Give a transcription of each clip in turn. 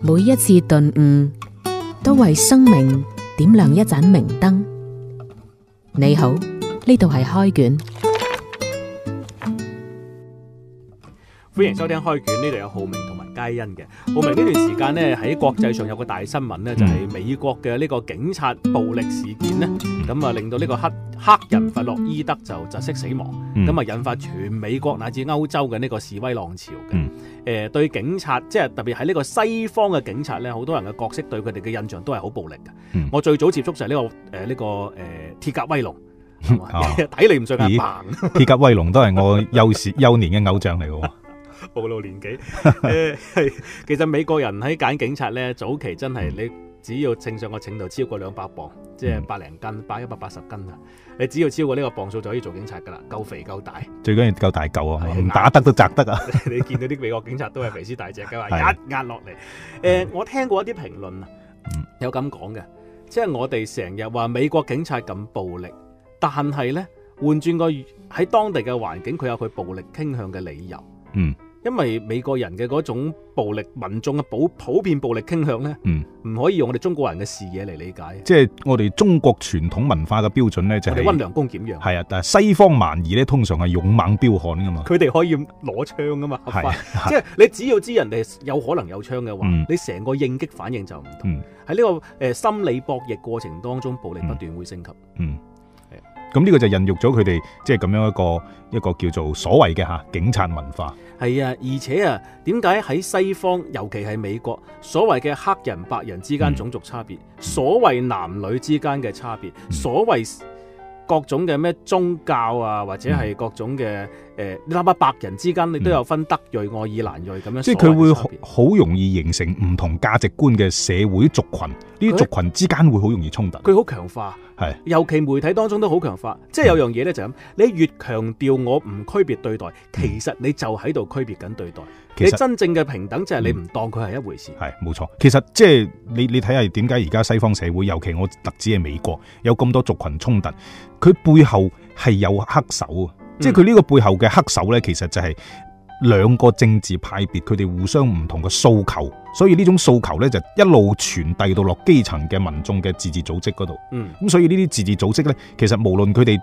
每一次頓悟，都為生命點亮一盞明燈。你好，呢度係開卷，歡迎收聽開卷，呢度有浩明。皆因嘅，好明呢段時間咧喺國際上有個大新聞呢，就係、是、美國嘅呢個警察暴力事件咧，咁啊令到呢個黑黑人弗洛伊德就窒息死亡，咁啊引發全美國乃至歐洲嘅呢個示威浪潮嘅。誒、嗯呃、對警察，即係特別喺呢個西方嘅警察咧，好多人嘅角色對佢哋嘅印象都係好暴力嘅。嗯、我最早接觸就係呢個誒呢、呃這個誒鐵、呃、甲威龍，睇、哦、 你唔想打棒。鐵甲威龍都係我幼時幼年嘅偶像嚟嘅。 暴露年紀，其實美國人喺揀警察咧， 早期真係你只要稱上個程度超過兩百磅，即係百零斤，百一百八十斤啊！你只要超過呢個磅數就可以做警察㗎啦，夠肥夠大。最緊要夠大夠啊，的打得都砸得啊！你見到啲美國警察都係肥獅大隻嘅，一的壓落嚟。誒，呃嗯、我聽過一啲評論啊，有咁講嘅，即係我哋成日話美國警察咁暴力，但係咧換轉個喺當地嘅環境，佢有佢暴力傾向嘅理由。嗯。因為美國人嘅嗰種暴力民眾嘅普普遍暴力傾向呢嗯，唔可以用我哋中國人嘅視野嚟理解。即係、嗯就是、我哋中國傳統文化嘅標準呢就係、係、溫良恭儉讓。係啊，但係西方蠻夷呢，通常係勇猛彪悍噶嘛。佢哋可以攞槍噶嘛，係，係係即係你只要知人哋有可能有槍嘅話，嗯、你成個應激反應就唔同。喺呢、嗯、個誒心理博弈過程當中，暴力不斷會升級。嗯。嗯咁呢個就孕育咗佢哋即係咁樣一個一個叫做所謂嘅嚇警察文化。係啊，而且啊，點解喺西方，尤其係美國，所謂嘅黑人白人之間種族差別，嗯、所謂男女之間嘅差別，嗯、所謂各種嘅咩宗教啊，或者係各種嘅誒，哪怕、嗯呃、白人之間你都有分德裔、愛爾蘭裔咁樣。即係佢會好容易形成唔同價值觀嘅社會族群，呢啲族群之間會好容易衝突。佢好強化。係，尤其媒體當中都好強化，即係有樣嘢咧，就咁，你越強調我唔區別對待，嗯、其實你就喺度區別緊對待。其實你真正嘅平等就係你唔當佢係一回事。係冇錯，其實即係你你睇下點解而家西方社會，尤其我特指係美國，有咁多族群衝突，佢背後係有黑手啊！即係佢呢個背後嘅黑手咧，其實就係。兩個政治派別，佢哋互相唔同嘅訴求，所以呢種訴求呢，就一路傳遞到落基層嘅民眾嘅自治組織嗰度。嗯，咁所以呢啲自治組織呢，其實無論佢哋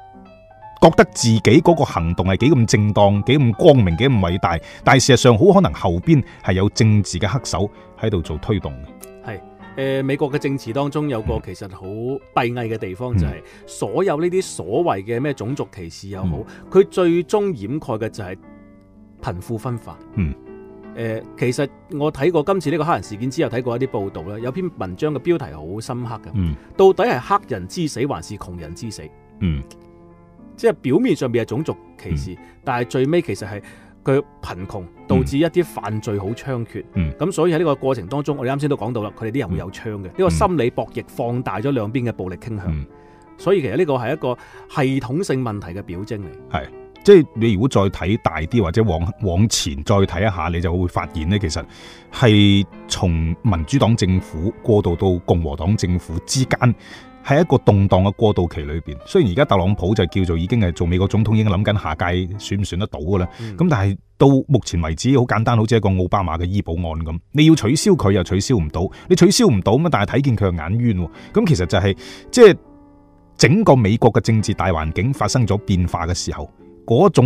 覺得自己嗰個行動係幾咁正當、幾咁光明、幾咁偉大，但係事實上好可能後邊係有政治嘅黑手喺度做推動嘅。係，誒、呃，美國嘅政治當中有個其實好閉翳嘅地方、嗯、就係，所有呢啲所謂嘅咩種族歧視又好，佢、嗯、最終掩蓋嘅就係、是。貧富分化，嗯，誒、呃，其實，我睇過今次呢個黑人事件之後，睇過一啲報道咧，有篇文章嘅標題好深刻嘅，嗯、到底係黑人之死還是窮人之死，嗯，即係表面上面係種族歧視，嗯、但係最尾其實係佢貧窮導致一啲犯罪好猖獗，嗯，咁所以喺呢個過程當中，我哋啱先都講到啦，佢哋啲人會有槍嘅，呢、嗯、個心理博弈放大咗兩邊嘅暴力傾向，嗯、所以其實呢個係一個系統性問題嘅表徵嚟，係。即係你如果再睇大啲，或者往往前再睇一下，你就會發現呢，其實係從民主黨政府過渡到共和黨政府之間，係一個動盪嘅過渡期裏面。雖然而家特朗普就叫做已經係做美國總統，已經諗緊下屆選唔選得到噶啦。咁、嗯、但係到目前為止，好簡單，好似一個奧巴馬嘅醫保案咁，你要取消佢又取消唔到，你取消唔到嘛，但係睇見佢又眼冤，咁其實就係、是、即係整個美國嘅政治大環境發生咗變化嘅時候。嗰種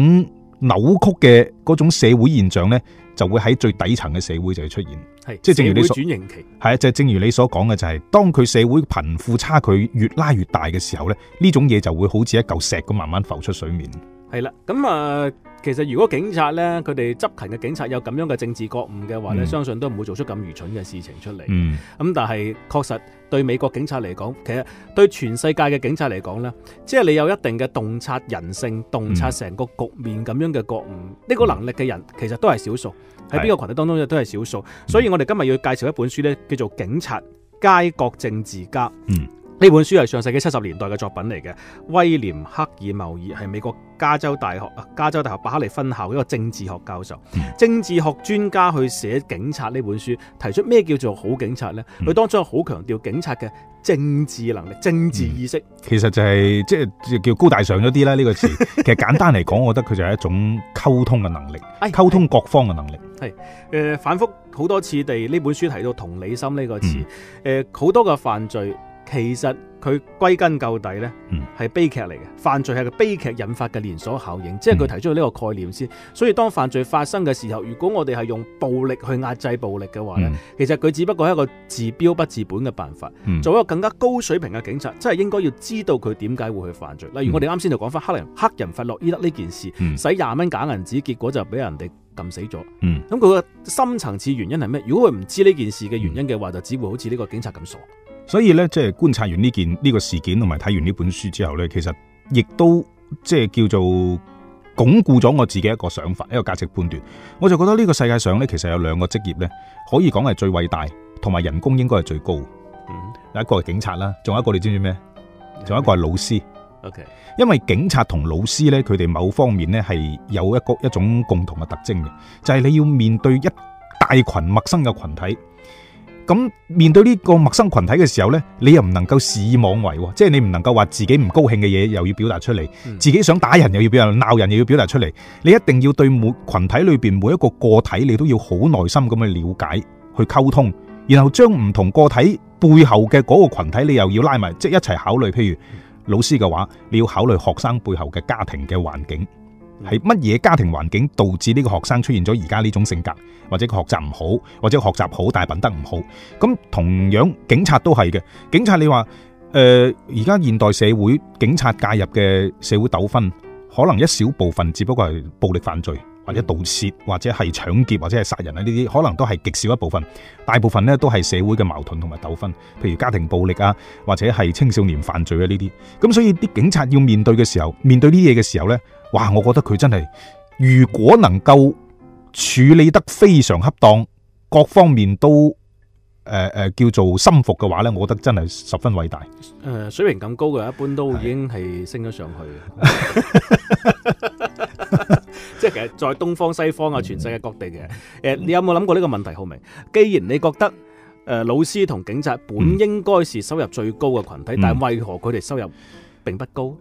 扭曲嘅嗰種社會現象呢，就會喺最底層嘅社會就會出現是，即係正如你所講嘅，就係、係就係、當佢社會貧富差距越拉越大嘅時候呢，呢種嘢就會好似一嚿石咁慢慢浮出水面。係啦，咁啊，其實如果警察呢，佢哋執勤嘅警察有咁樣嘅政治覺悟嘅話呢、嗯、相信都唔會做出咁愚蠢嘅事情出嚟。咁、嗯、但係確實對美國警察嚟講，其實對全世界嘅警察嚟講呢，即係你有一定嘅洞察人性、洞察成個局面咁樣嘅覺悟，呢、嗯、個能力嘅人其實都係少數，喺邊、嗯、個群體當中都係少數。的所以我哋今日要介紹一本書呢，叫做《警察街角政治家》。嗯呢本書係上世紀七十年代嘅作品嚟嘅，威廉·克爾·繆爾係美國加州大學啊，加州大學伯克利分校一個政治學教授，嗯、政治學專家去寫警察呢本書，提出咩叫做好警察呢？佢、嗯、當中好強調警察嘅政治能力、政治意識，嗯、其實就係即係叫高大上咗啲啦。呢、呢個詞 其實簡單嚟講，我覺得佢就係一種溝通嘅能力，哎、呀溝通各方嘅能力。係、呃、反覆好多次地，呢本書提到同理心呢個詞，好、嗯呃、多嘅犯罪。其實佢歸根究底呢，係、嗯、悲劇嚟嘅。犯罪係個悲劇引發嘅連鎖效應，嗯、即係佢提出呢個概念先。所以當犯罪發生嘅時候，如果我哋係用暴力去壓制暴力嘅話呢、嗯、其實佢只不過係一個治標不治本嘅辦法。做、嗯、一個更加高水平嘅警察，真係應該要知道佢點解會去犯罪。例如我哋啱先就講翻黑人、嗯、黑人弗洛伊德呢件事，使廿蚊假銀紙，結果就俾人哋撳死咗。咁佢個深層次原因係咩？如果佢唔知呢件事嘅原因嘅話，嗯、就只會好似呢個警察咁傻。所以咧，即係觀察完呢件呢個事件，同埋睇完呢本書之後咧，其實亦都即係叫做鞏固咗我自己一個想法，一個價值判斷。我就覺得呢個世界上咧，其實有兩個職業咧，可以講係最偉大，同埋人工應該係最高嘅。嗯，第一個係警察啦，仲有一個你知唔知咩？仲有一個係老師。O K。因為警察同老師咧，佢哋某方面咧係有一個一種共同嘅特徵嘅，就係、是、你要面對一大群陌生嘅群體。咁面對呢個陌生群體嘅時候呢，你又唔能夠肆意妄為，即係你唔能夠話自己唔高興嘅嘢，又要表達出嚟，嗯、自己想打人又要表達，鬧人又要表達出嚟。你一定要對每群體裡邊每一個個體，你都要好耐心咁去了解、去溝通，然後將唔同個體背後嘅嗰個群體，你又要拉埋，即係一齊考慮。譬如老師嘅話，你要考慮學生背後嘅家庭嘅環境。係乜嘢家庭環境導致呢個學生出現咗而家呢種性格，或者學習唔好，或者學習好但係品德唔好？咁同樣警察都係嘅，警察你話，誒，而家現代社會警察介入嘅社會糾紛，可能一小部分只不過係暴力犯罪。或者盜竊，或者係搶劫，或者係殺人啊！呢啲可能都係極少一部分，大部分呢都係社會嘅矛盾同埋糾紛，譬如家庭暴力啊，或者係青少年犯罪啊呢啲。咁所以啲警察要面對嘅時候，面對呢嘢嘅時候呢，哇！我覺得佢真係，如果能夠處理得非常恰當，各方面都誒誒、呃、叫做心服嘅話呢，我覺得真係十分偉大。誒水平咁高嘅，一般都已經係升咗上去。 即係其實，在東方、西方啊，全世界各地嘅，誒，你有冇諗過呢個問題，浩明？既然你覺得誒，老師同警察本應該是收入最高嘅群體，但係為何佢哋收入並不高？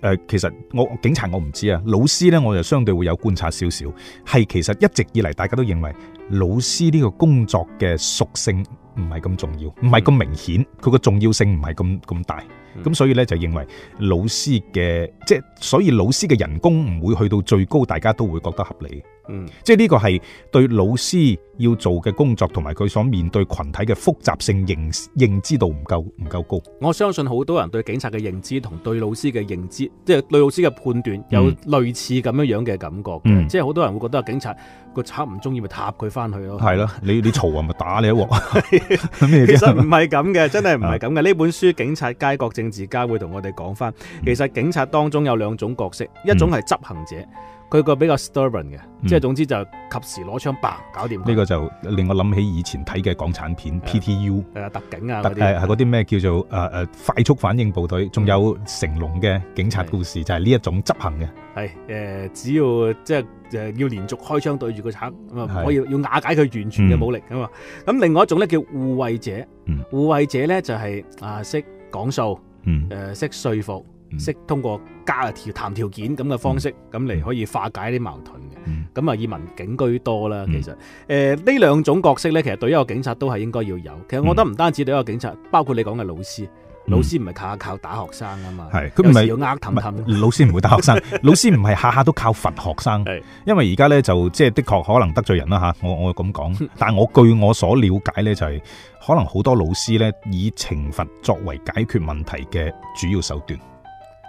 誒，其實我警察我唔知啊，老師呢我就相對會有觀察少少，係其實一直以嚟大家都認為老師呢個工作嘅屬性唔係咁重要，唔係咁明顯，佢個重要性唔係咁咁大。咁所以咧，就認為老師嘅，即係所以老師嘅人工唔會去到最高，大家都會覺得合理。嗯，即係呢個係對老師要做嘅工作，同埋佢所面對群體嘅複雜性認認知度唔夠唔夠高。我相信好多人對警察嘅認知同對老師嘅認知，即係對老師嘅判斷有類似咁樣樣嘅感覺、嗯、即係好多人會覺得警察個差唔中意咪踏佢翻去咯。係咯，你你嘈啊咪打你一鑊 其實唔係咁嘅，真係唔係咁嘅。呢的本書警察、街角、政治家會同我哋講翻，嗯、其實警察當中有兩種角色，一種係執行者。嗯嗯佢個比較 stubborn 嘅，即係總之就及時攞槍 bang、嗯、搞掂。呢個就令我諗起以前睇嘅港產片 PTU，誒、啊、特警啊，警，係嗰啲咩叫做、呃、快速反應部隊，仲有成龍嘅警察故事是就係呢一種執行嘅。係、呃、只要即係、呃、要連續開槍對住個賊，咁啊是可以要瓦解佢完全嘅武力啊嘛。咁、嗯、另外一種咧叫護衛者，嗯、護衛者咧就係啊識講數，誒識、嗯呃、說服。識通過加條談條件咁嘅方式咁嚟，嗯、可以化解啲矛盾嘅咁啊。以、嗯、民警居多啦，嗯、其實誒呢、呃、兩種角色咧，其實對一個警察都係應該要有。其實我覺得唔單止對一個警察，包括你講嘅老師，嗯、老師唔係靠靠打學生啊嘛，佢唔、嗯、係要呃氹氹。老師唔會打學生， 老師唔係下下都靠罰學生， 因為而家咧就即係的確可能得罪人啦吓，我我咁講， 但係我據我所了解咧，就係、是、可能好多老師咧以懲罰作為解決問題嘅主要手段。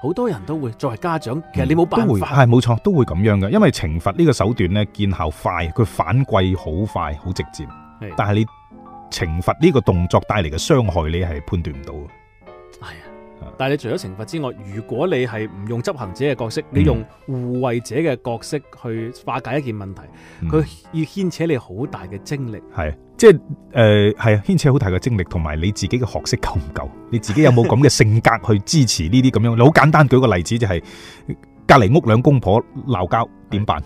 好多人都會作為家長，其實你冇辦法，係冇錯，都會咁樣嘅，因為懲罰呢個手段咧，見效快，佢反饋好快，好直接。是的但係你懲罰呢個動作帶嚟嘅傷害，你係判斷唔到嘅。係啊，但係你除咗懲罰之外，如果你係唔用執行者嘅角色，你用護衛者嘅角色去化解一件問題，佢、嗯、要牽扯你好大嘅精力。係。即係誒，係啊、就是，牽扯好大嘅精力，同埋你自己嘅學識夠唔夠？你自己有冇咁嘅性格去支持呢啲咁樣？你好 簡單，舉個例子就係、是、隔籬屋兩公婆鬧交點辦？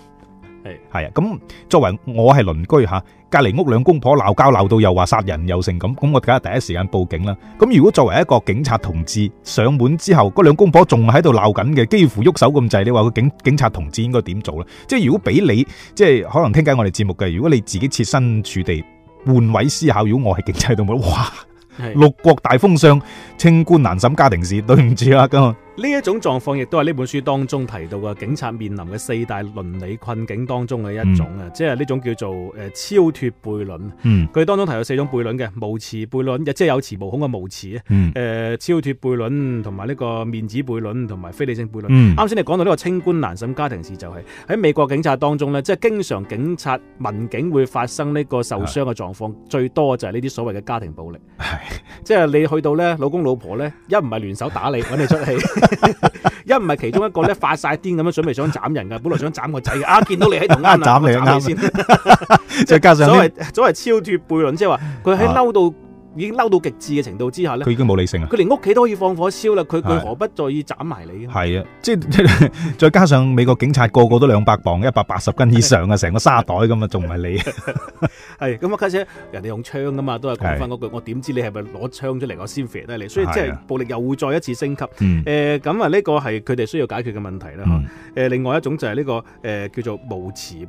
係係啊，咁作為我係鄰居吓，隔籬屋兩公婆鬧交鬧到又話殺人又成咁，咁我梗係第一時間報警啦。咁如果作為一個警察同志上門之後，嗰兩公婆仲喺度鬧緊嘅，幾乎喐手咁滯，你話個警警察同志應該點做咧？即係如果俾你，即係可能聽緊我哋節目嘅，如果你自己設身處地。換位思考，如果我係警察隊長，哇！是的 六國大封相，清官難審家庭事，對唔住啊，咁。呢一種狀況亦都係呢本書當中提到嘅警察面臨嘅四大倫理困境當中嘅一種啊，嗯、即係呢種叫做、呃、超脫悖論。佢、嗯、當中提到四種悖論嘅無恃悖論，亦即係有恃無恐嘅無恃啊、嗯呃。超脫悖論同埋呢個面子悖論同埋非理性悖論。啱先、嗯、你講到呢個清官難審家庭事就係、是、喺美國警察當中呢，即係經常警察民警會發生呢個受傷嘅狀況最多就係呢啲所謂嘅家庭暴力。唉即係你去到呢，老公老婆呢，一唔係聯手打你，揾你出氣。唉 一唔係其中一個咧，發晒癲咁樣，準備想斬人噶本來想斬個仔嘅， 啊見到你喺度啱斬你，斬你先斬，再加上所謂所謂超脱悖論，即係話佢喺嬲到，啊已經嬲到極致嘅程度之下咧，佢已經冇理性啦！佢連屋企都可以放火燒啦，佢佢何不再意斬埋你？係啊，即係再加上美國警察個個都兩百磅，一百八十斤以上啊，成 個沙袋咁啊，仲唔係你？係咁啊，家姐，人哋用槍㗎嘛，都係講返嗰句，的我點知你係咪攞槍出嚟？我先射得你，所以即係暴力又會再一次升級。誒的，咁啊、呃，呢個係佢哋需要解決嘅問題啦。誒、嗯呃，另外一種就係呢、這個誒、呃、叫做無恥。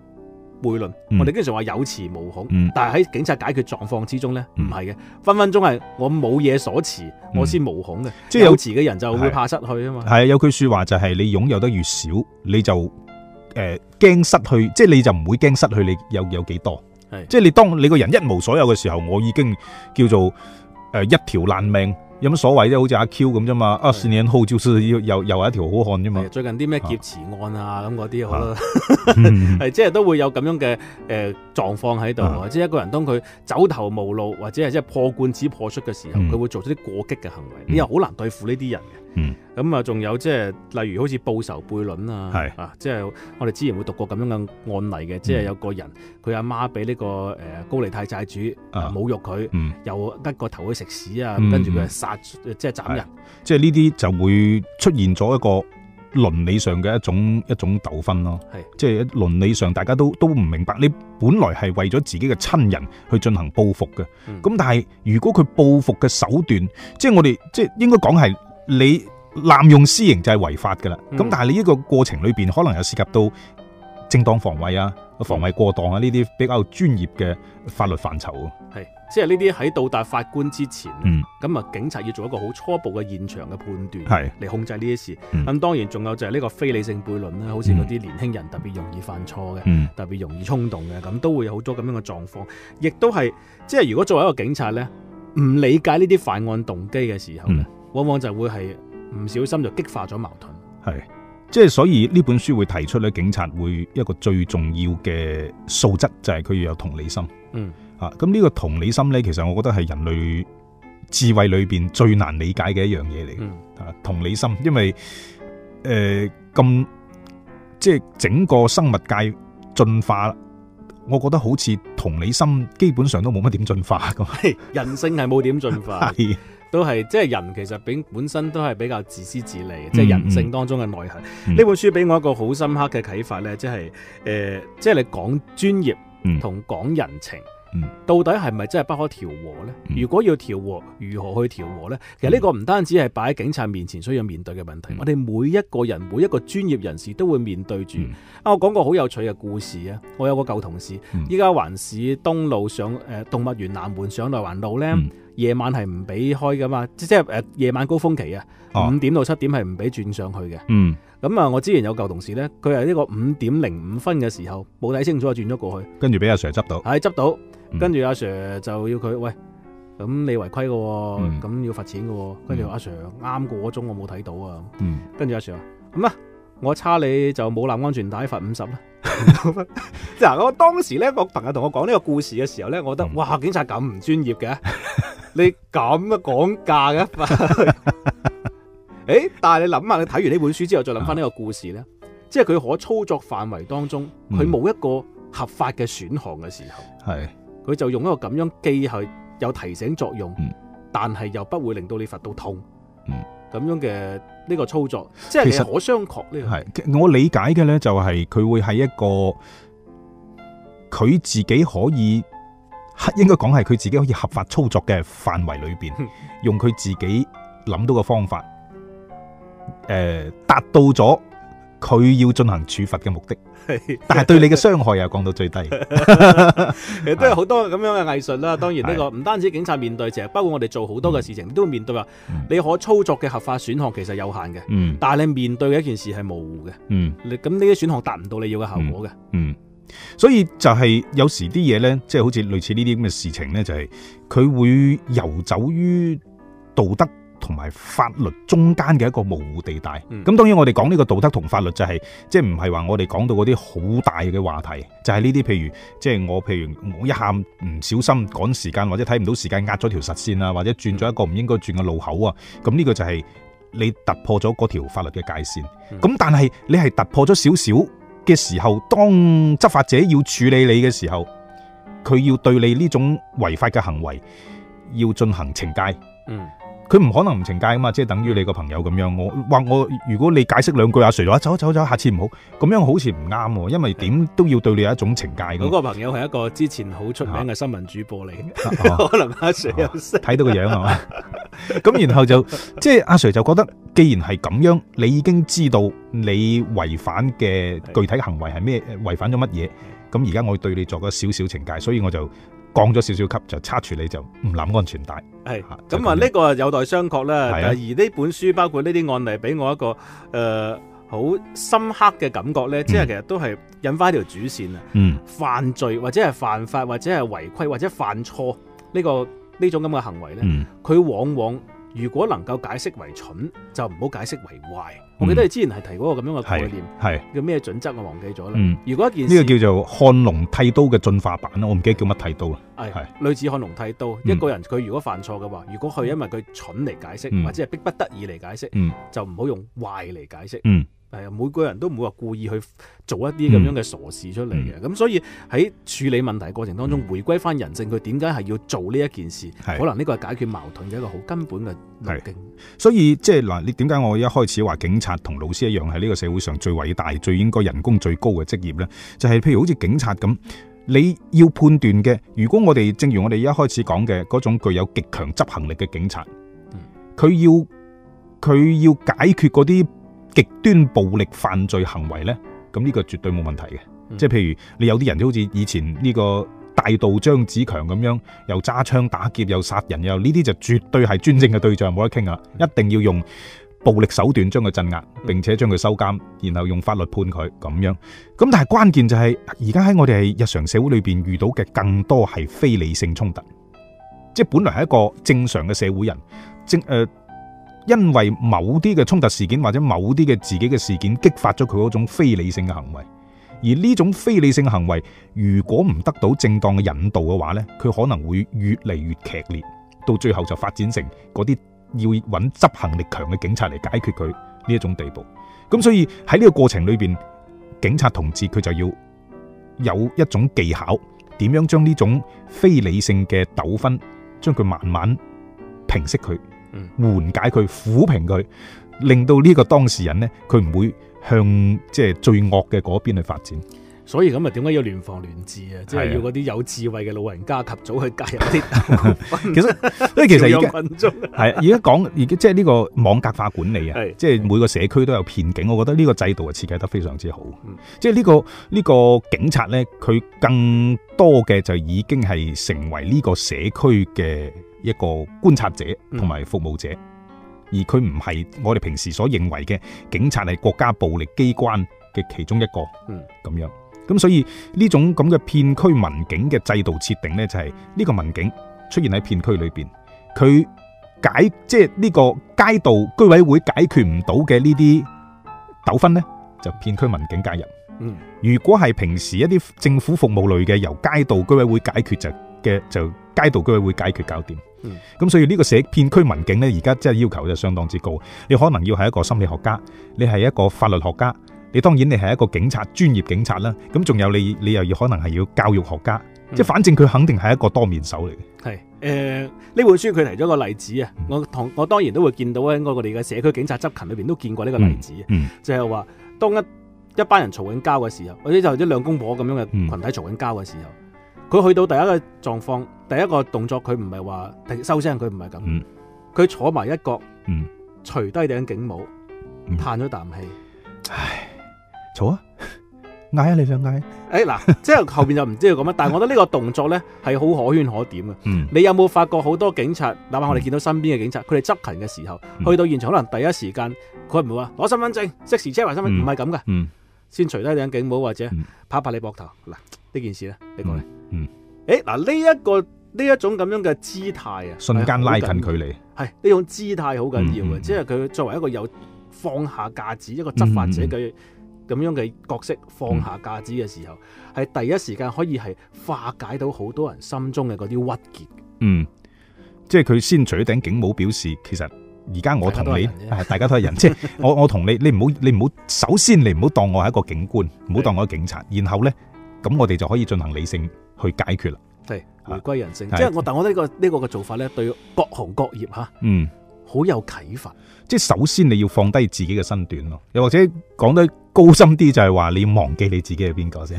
悖論，我哋經常話有恃無恐。嗯、但係喺警察解決狀況之中咧，唔係嘅，分分鐘係我冇嘢所持，嗯、我先無恐嘅，即係有恃嘅人就會怕失去啊嘛。係啊，有句說話就係你擁有得越少，你就誒驚、呃、失去，即、就、係、是、你就唔會驚失去你有有幾多，係即係你當你個人一無所有嘅時候，我已經叫做誒、呃、一條爛命。有乜所謂啫？好似阿 Q 咁啫嘛！二十年後就是又又係一條好漢啫嘛！最近啲咩劫持案啊咁嗰啲，可能係即係都會有咁樣嘅誒、呃、狀況喺度啊！即係一個人當佢走投無路或者係即係破罐子破摔嘅時候，佢、嗯、會做出啲過激嘅行為，你又好難對付呢啲人嘅。嗯，咁啊，是啊，仲有即係例如，好似報仇悖論啊，係啊，即係我哋之前會讀過咁樣嘅案例嘅，即係有個人佢阿媽俾呢個誒高利貸債主侮辱佢，嗯、又呃個頭去食屎啊，嗯、跟住佢殺即係斬人，即係呢啲就會出現咗一個倫理上嘅一種一種糾紛咯，係即係倫理上大家都都唔明白，你本來係為咗自己嘅親人去進行報復嘅，咁、嗯、但係如果佢報復嘅手段，即係我哋即係應該講係。你濫用私刑就係違法噶啦，咁、嗯、但係你呢個過程裏邊可能又涉及到正當防衛啊、防衛過當啊呢啲、嗯、比較專業嘅法律範疇啊。係，即係呢啲喺到達法官之前，咁啊、嗯、警察要做一個好初步嘅現場嘅判斷，係嚟控制呢啲事。咁、嗯、當然仲有就係呢個非理性悖論啦，好似嗰啲年輕人特別容易犯錯嘅，嗯、特別容易衝動嘅，咁都會有好多咁樣嘅狀況。亦都係即係如果作為一個警察咧，唔理解呢啲犯案動機嘅時候咧。嗯往往就會係唔小心就激化咗矛盾。係，即係所以呢本書會提出咧，警察會一個最重要嘅素質就係、是、佢要有同理心。嗯、啊,咁呢個同理心咧，其實我覺得係人類智慧裏邊最難理解嘅一樣嘢嚟。嗯，啊，同理心，因為誒咁、呃、即係整個生物界進化，我覺得好似同理心基本上都冇乜點進化咁。人性係冇點進化。 都係即係人，其實本身都係比較自私自利，即係、嗯嗯、人性當中嘅內涵。呢、嗯、本書俾我一個好深刻嘅啟發呢，即係誒，即、即、係、係呃即係、你講專業同講人情，嗯、到底係咪真係不可調和呢？嗯、如果要調和，如何去調和呢？其實呢個唔單止係擺喺警察面前需要面對嘅問題，嗯、我哋每一個人每一個專業人士都會面對住。啊、嗯，我講個好有趣嘅故事啊！我有一個舊同事，依家環市東路上誒、呃，動物園南門上內環路呢。嗯夜晚係唔俾開噶嘛？即係誒，夜晚高峰期啊，五點到七點係唔俾轉上去嘅。嗯，咁啊，我之前有舊同事咧，佢係呢個五點零五分嘅時候，冇睇清楚就轉咗過去，跟住俾阿 Sir 執到。係執到，跟住阿 Sir 就要佢喂，咁你違規嘅，咁要罰錢嘅。跟住阿 Sir 啱過個鐘，我冇睇到啊。跟住阿 Sir 話，咁啊，我差你就冇攬安全帶，罰五十啦。嗱，我當時咧，個朋友同我講呢個故事嘅時候咧，我覺得哇，警察咁唔專業嘅。你咁啊講價嘅，誒， 但係你諗下，你睇完呢本書之後，再諗翻呢個故事咧，嗯、即係佢可操作範圍當中，佢冇一個合法嘅選項嘅時候，係佢、嗯、就用一個咁樣記係有提醒作用，嗯、但係又不會令到你罰到痛，咁、嗯、樣嘅呢、這個操作，即係其實我商榷呢個係我理解嘅咧、就是，就係佢會喺一個佢自己可以。係應該講係佢自己可以合法操作嘅範圍裏邊，用佢自己諗到嘅方法，誒，達到咗佢要進行處罰嘅目的。但係對你嘅傷害又降到最低。其實 都有好多咁樣嘅藝術啦。當然呢個唔單止警察面對，淨係包括我哋做好多嘅事情、嗯、都面對話，嗯、你可操作嘅合法選項其實有限嘅。嗯、但係你面對嘅一件事係模糊嘅、嗯嗯。嗯。你咁呢啲選項達唔到你要嘅效果嘅。嗯。所以就係有時啲嘢咧，即係好似類似呢啲咁嘅事情咧，就係佢會游走於道德同埋法律中間嘅一個模糊地帶。咁當然我哋講呢個道德同法律就係即係唔係話我哋講到嗰啲好大嘅話題，就係呢啲譬如即係我譬如我一喊唔小心趕時間或者睇唔到時間壓咗條實線啊，或者轉咗一個唔應該轉嘅路口啊，咁呢個就係你突破咗嗰條法律嘅界線。咁但係你係突破咗少少。嘅時候，當執法者要處理你嘅時候，佢要對你呢種違法嘅行為要進行懲戒，嗯。佢唔可能唔懲戒噶嘛，即係等於你個朋友咁樣我，話我如果你解釋兩句阿 Sir，話走走走，下次唔好，咁樣好似唔啱，因為點都要對你有一種懲戒。嗰個朋友係一個之前好出名嘅新聞主播嚟，啊啊、 可能阿 Sir 睇、啊啊、到個樣啊嘛，咁 然後就即係阿 Sir 就覺得，既然係咁樣，你已經知道你違反嘅具體行為係咩，違反咗乜嘢，咁而家我對你作咗少少懲戒，所以我就。降咗少少級就叉住你就唔攬安全帶。係，咁啊呢個有待商榷啦。啊、而呢本書包括呢啲案例，俾我一個誒好、呃、深刻嘅感覺咧，即係、嗯、其實都係引翻一條主線啊。嗯，犯罪或者係犯法或者係違規或者犯錯呢、呢個呢種咁嘅行為咧，佢、嗯、往往。如果能夠解釋為蠢，就唔好解釋為壞。嗯、我記得你之前係提過個咁樣嘅概念，係叫咩準則我忘記咗啦。嗯、如果一件事呢個叫做漢龍剃刀嘅進化版我唔記得叫乜剃刀啦。係類似漢龍剃刀，剃刀嗯、一個人佢如果犯錯嘅話，如果佢因為佢蠢嚟解釋，嗯、或者係逼不得已嚟解釋，就唔好用壞嚟解釋。嗯。誒，每個人都唔會話故意去做一啲咁樣嘅傻事出嚟嘅、嗯，咁、嗯、所以喺處理問題的過程當中，嗯、回歸翻人性，佢點解係要做呢一件事？是可能呢個係解決矛盾嘅一個好根本嘅途徑。所以即係嗱，你點解我一開始話警察同老師一樣，係呢個社會上最偉大、最應該人工最高嘅職業呢？就係、是、譬如好似警察咁，你要判斷嘅，如果我哋正如我哋一開始講嘅嗰種具有極強執行力嘅警察，佢、嗯、要佢要解決嗰啲。極端暴力犯罪行為呢，咁呢個絕對冇問題嘅，即係、嗯、譬如你有啲人都好似以前呢個大盜張子強咁樣，又揸槍打劫又殺人又呢啲，就絕對係專政嘅對象，冇得傾啦，嗯、一定要用暴力手段將佢鎮壓，並且將佢收監，然後用法律判佢咁樣。咁但係關鍵就係而家喺我哋日常社會裏邊遇到嘅更多係非理性衝突，即係本來係一個正常嘅社會人，正誒。呃因為某啲嘅衝突事件或者某啲嘅自己嘅事件激發咗佢嗰種非理性嘅行為，而呢種非理性行為如果唔得到正當嘅引導嘅話呢，佢可能會越嚟越劇烈，到最後就發展成嗰啲要揾執行力強嘅警察嚟解決佢呢一種地步。咁所以喺呢個過程裏邊，警察同志佢就要有一種技巧，點樣將呢種非理性嘅糾紛，將佢慢慢平息佢。緩、嗯、解佢撫平佢，令到呢個當事人呢，佢唔會向即係罪惡嘅嗰邊去發展。所以咁啊，點解的要聯防聯治啊？即係要嗰啲有智慧嘅老人家及早去介入啲。 其實，所以其實係而家講而即係呢個網格化管理啊， 即係每個社區都有片警。我覺得呢個制度啊設計得非常之好。嗯、即係呢、這個呢、這個警察呢，佢更多嘅就已經係成為呢個社區嘅。一個觀察者同埋服務者，嗯，而佢唔係我哋平時所認為嘅警察係國家暴力機關嘅其中一個，嗯，咁樣，咁所以呢種咁嘅片區民警嘅制度設定呢，就係、是、呢個民警出現喺片區裏邊，佢解即係呢個街道居委會解決唔到嘅呢啲糾紛呢，就片區民警介入。嗯，如果係平時一啲政府服務類嘅由街道居委會解決就嘅就。就街道居委會解決搞掂，咁、嗯、所以呢個社片區民警呢，而家真係要求就相當之高。你可能要係一個心理學家，你係一個法律學家，你當然你係一個警察專業警察啦。咁仲有你，你又要可能係要教育學家，嗯、即係反正佢肯定係一個多面手嚟嘅。係誒、呢、呃、本書佢提咗個例子啊，嗯、我同我當然都會見到喺我哋嘅社區警察執勤裏邊都見過呢個例子，嗯嗯、就係話當一一班人嘈緊交嘅時候，或者就是一兩公婆咁樣嘅群體嘈緊交嘅時候。嗯嗯佢去到第一個狀況，第一個動作佢唔係話收聲，佢唔係咁，佢坐埋一角，除低頂警帽，嘆咗啖氣，唉，坐啊，嗌啊，你想嗌？哎嗱，即係後面就唔知佢講乜，但係我覺得呢個動作呢，係好可圈可點嘅。你有冇發覺好多警察，哪怕我哋見到身邊嘅警察，佢哋執勤嘅時候，去到現場可能第一時間佢唔會話攞身份證，即時車埋身份唔係咁嘅。先除低頂警帽或者拍拍你膊頭，嗱呢件事咧，你講咧、嗯。嗯。誒、欸，嗱呢一,一個呢一種咁樣嘅姿態啊，瞬間拉近距離。係呢種姿態好緊要嘅，嗯嗯嗯、即係佢作為一個有放下架子、嗯嗯、一個執法者嘅咁樣嘅角色，放下架子嘅時候，係、嗯、第一時間可以係化解到好多人心中嘅嗰啲鬱結。嗯。即係佢先除頂警帽表示，其實。而家我同你，大家都係人，人，即係 我我同你，你唔好你唔好，首先你唔好當我係一個警官，唔好當我係警察，的然後咧，咁我哋就可以進行理性去解決啦。係回歸人性，的即係我，但我覺得呢、呢個呢、呢個嘅做法咧，對各行各業嚇，嗯，好有啟發。即係首先你要放低自己嘅身段咯，又或者講得。高深啲就係話你要忘記你自己係邊個先，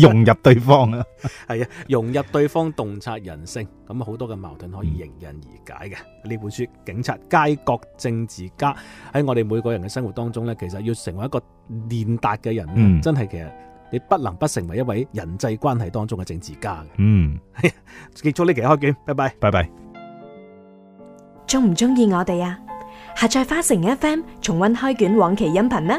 融入對方啊！係啊，融入對方，洞察人性，咁好多嘅矛盾可以迎刃而解嘅。呢本書《警察街角政治家》喺我哋每個人嘅生活當中咧，其實要成為一個練達嘅人，真係其實你不能不成為一位人際關係當中嘅政治家。嗯，係結束呢期開卷，拜拜，拜拜。中唔中意我哋啊？下載花城 FM 重溫開卷往期音頻呢！